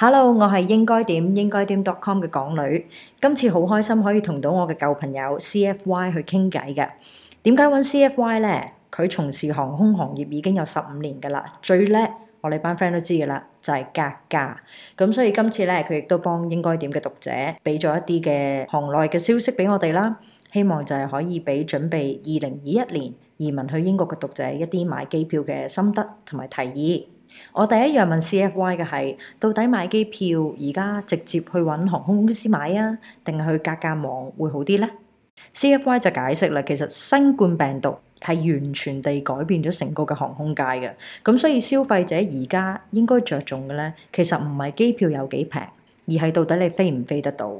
Hello，我係應該點應該點 dotcom 嘅港女，今次好開心可以同到我嘅舊朋友 C F Y 去傾偈嘅。點解搵 C F Y 呢？佢從事航空行業已經有十五年㗎喇，最叻我哋班 friend 都知㗎喇，就係格價。咁所以今次呢，佢亦都幫應該點嘅讀者俾咗一啲嘅行內嘅消息俾我哋啦。希望就係可以俾準備二零二一年移民去英國嘅讀者一啲買機票嘅心得同埋提議。我第一樣問 C F Y 嘅係，到底買機票而家直接去揾航空公司買啊，定係去格價網會好啲呢？C F Y 就解釋啦，其實新冠病毒係完全地改變咗成個嘅航空界嘅，咁所以消費者而家應該着重嘅咧，其實唔係機票有幾平，而係到底你飛唔飛得到？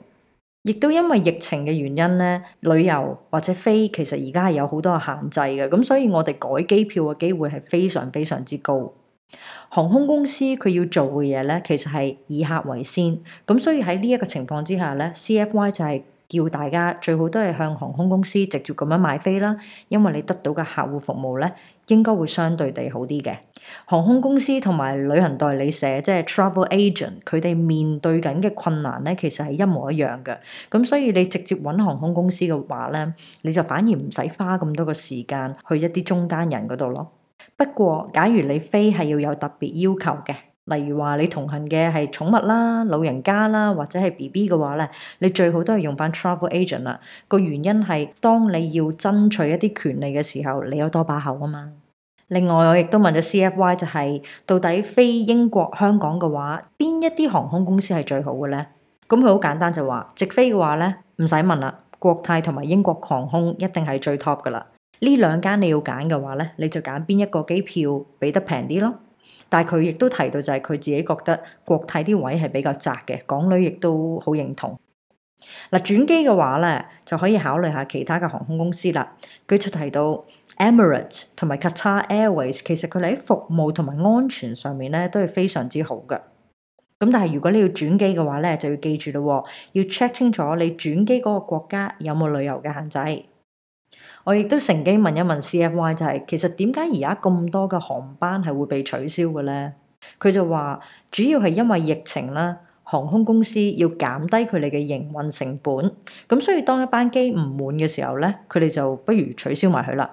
亦都因為疫情嘅原因咧，旅遊或者飛其實而家係有好多限制嘅，咁所以我哋改機票嘅機會係非常非常之高。航空公司佢要做嘅嘢咧，其實係以客為先，咁所以喺呢一個情況之下咧，CFY 就係叫大家最好都係向航空公司直接咁樣買飛啦，因為你得到嘅客戶服務咧，應該會相對地好啲嘅。航空公司同埋旅行代理社即係 travel agent，佢哋面對緊嘅困難咧，其實係一模一樣嘅，咁所以你直接搵航空公司嘅話咧，你就反而唔使花咁多嘅時間去一啲中間人嗰度咯。不過，假如你飛係要有特別要求嘅，例如話你同行嘅係寵物啦、老人家啦，或者係 B B 嘅話呢，你最好都係用返 Travel Agent 啦。個原因係當你要爭取一啲權利嘅時候，你有多把口啊嘛。另外，我亦都問咗 C F Y，就係、是、到底飛英國、香港嘅話，邊一啲航空公司係最好嘅呢？咁佢好簡單就話，直飛嘅話呢，唔使問啦，國泰同埋英國航空一定係最 top 噶啦。呢兩間你要揀嘅話咧，你就揀邊一個機票畀得平啲咯。但係佢亦都提到就係佢自己覺得國泰啲位係比較窄嘅，港女亦都好認同。嗱，轉機嘅話咧，就可以考慮下其他嘅航空公司啦。佢就提到 Emirates 同埋 Qatar Airways，其實佢哋喺服務同埋安全上面咧都係非常之好嘅。咁但係如果你要轉機嘅話咧，就要記住咯喎，要 check 清楚你轉機嗰個國家有冇旅遊嘅限制。我亦都乘機問一問 CFY，就係、是、其實點解而家咁多嘅航班係會被取消嘅咧？佢就話主要係因為疫情啦，航空公司要減低佢哋嘅營運成本，咁所以當一班機唔滿嘅時候咧，佢哋就不如取消埋佢啦。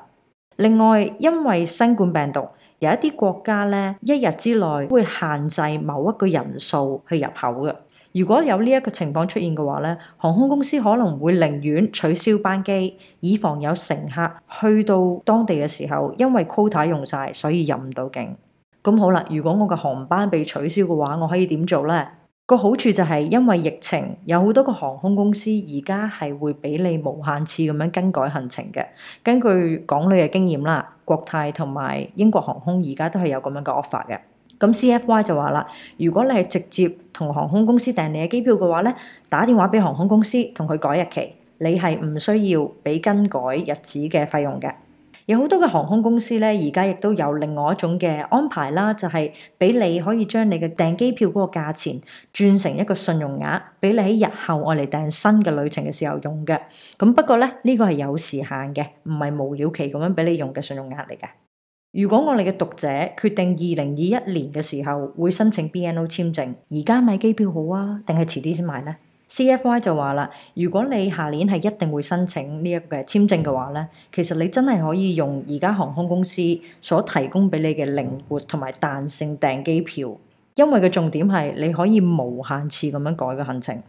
另外，因為新冠病毒，有一啲國家咧，一日之內會限制某一個人數去入口嘅。如果有呢一個情況出現嘅話呢，航空公司可能會寧願取消班機，以防有乘客去到當地嘅時候，因為 quota 用晒，所以入唔到境。咁好啦，如果我嘅航班被取消嘅話，我可以點做呢？個好處就係因為疫情，有好多個航空公司而家係會俾你無限次咁樣更改行程嘅。根據港旅嘅經驗啦，國泰同埋英國航空而家都係有咁樣嘅 offer 嘅。咁 C F Y 就話啦，如果你係直接同航空公司訂你嘅機票嘅話呢，打電話俾航空公司同佢改日期，你係唔需要俾更改日子嘅費用嘅。有好多嘅航空公司呢，而家亦都有另外一種嘅安排啦，就係俾你可以將你嘅訂機票嗰個價錢轉成一個信用額，俾你喺日後我嚟訂新嘅旅程嘅時候用嘅。不過咧，呢個係有時限嘅，唔係無了期咁樣俾你用嘅信用額嚟嘅。如果我哋嘅讀者決定二零二一年嘅時候會申請 BNO 簽證，而家買機票好啊，定係遲啲先買呢？CFY 就話啦，如果你下年係一定會申請呢一個嘅簽證嘅話咧，其實你真係可以用而家航空公司所提供俾你嘅靈活同埋彈性訂機票，因為嘅重點係你可以無限次咁樣改個行程。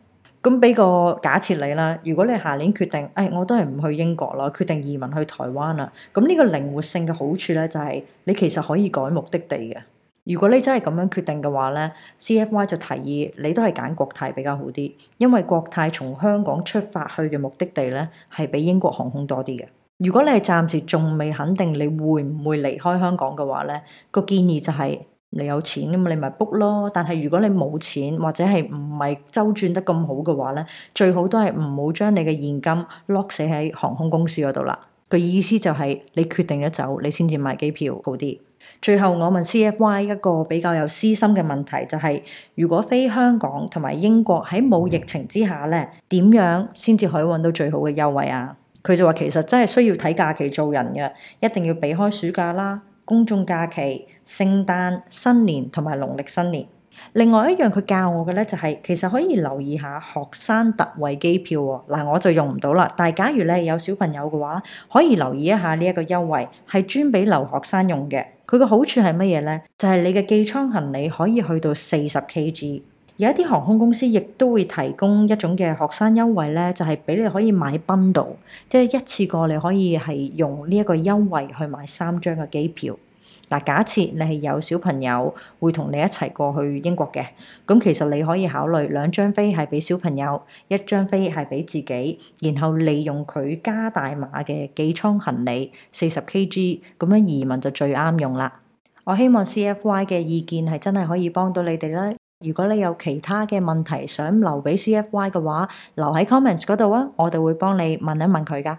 咁俾個假設你啦，如果你下年決定，誒、哎、我都係唔去英國啦，決定移民去台灣啦，咁呢個靈活性嘅好處咧就係你其實可以改目的地嘅。如果你真係咁樣決定嘅話咧，C F Y 就提議你都係揀國泰比較好啲，因為國泰從香港出發去嘅目的地咧係比英國航空多啲嘅。如果你係暫時仲未肯定你會唔會離開香港嘅話咧，個建議就係、是。你有錢你咪 book 咯。但係如果你冇錢或者係唔係周轉得咁好嘅話呢，最好都係唔好將你嘅現金 lock 死喺航空公司嗰度啦。佢意思就係、是、你決定咗走，你先至買機票好啲。最後我問 C F Y 一個比較有私心嘅問題、就是，就係如果飛香港同埋英國喺冇疫情之下呢，點樣先至可以揾到最好嘅優惠啊？佢就話其實真係需要睇假期做人嘅，一定要避開暑假啦。公眾假期、聖誕、新年同埋農曆新年。另外一樣佢教我嘅呢就係、是、其實可以留意下學生特惠機票喎，哦。嗱，我就用唔到啦。但係假如你係有小朋友嘅話，可以留意一下呢一個優惠，係專畀留學生用嘅。佢嘅好處係乜嘢呢？就係、是、你嘅寄艙行李可以去到四十 kg。有一啲航空公司亦都會提供一種嘅學生優惠咧，就係、是、俾你可以買 bundle，即係一次過你可以係用呢一個優惠去買三張嘅機票。嗱，假設你係有小朋友會同你一齊過去英國嘅，咁其實你可以考慮兩張飛係俾小朋友，一張飛係俾自己，然後利用佢加大碼嘅機艙行李四十 Kg，咁樣移民就最啱用啦。我希望 C F Y 嘅意見係真係可以幫到你哋啦。如果你有其他嘅問題想留畀 CFY 嘅話，留喺 comments 嗰度啊，我哋會幫你問一問佢噶。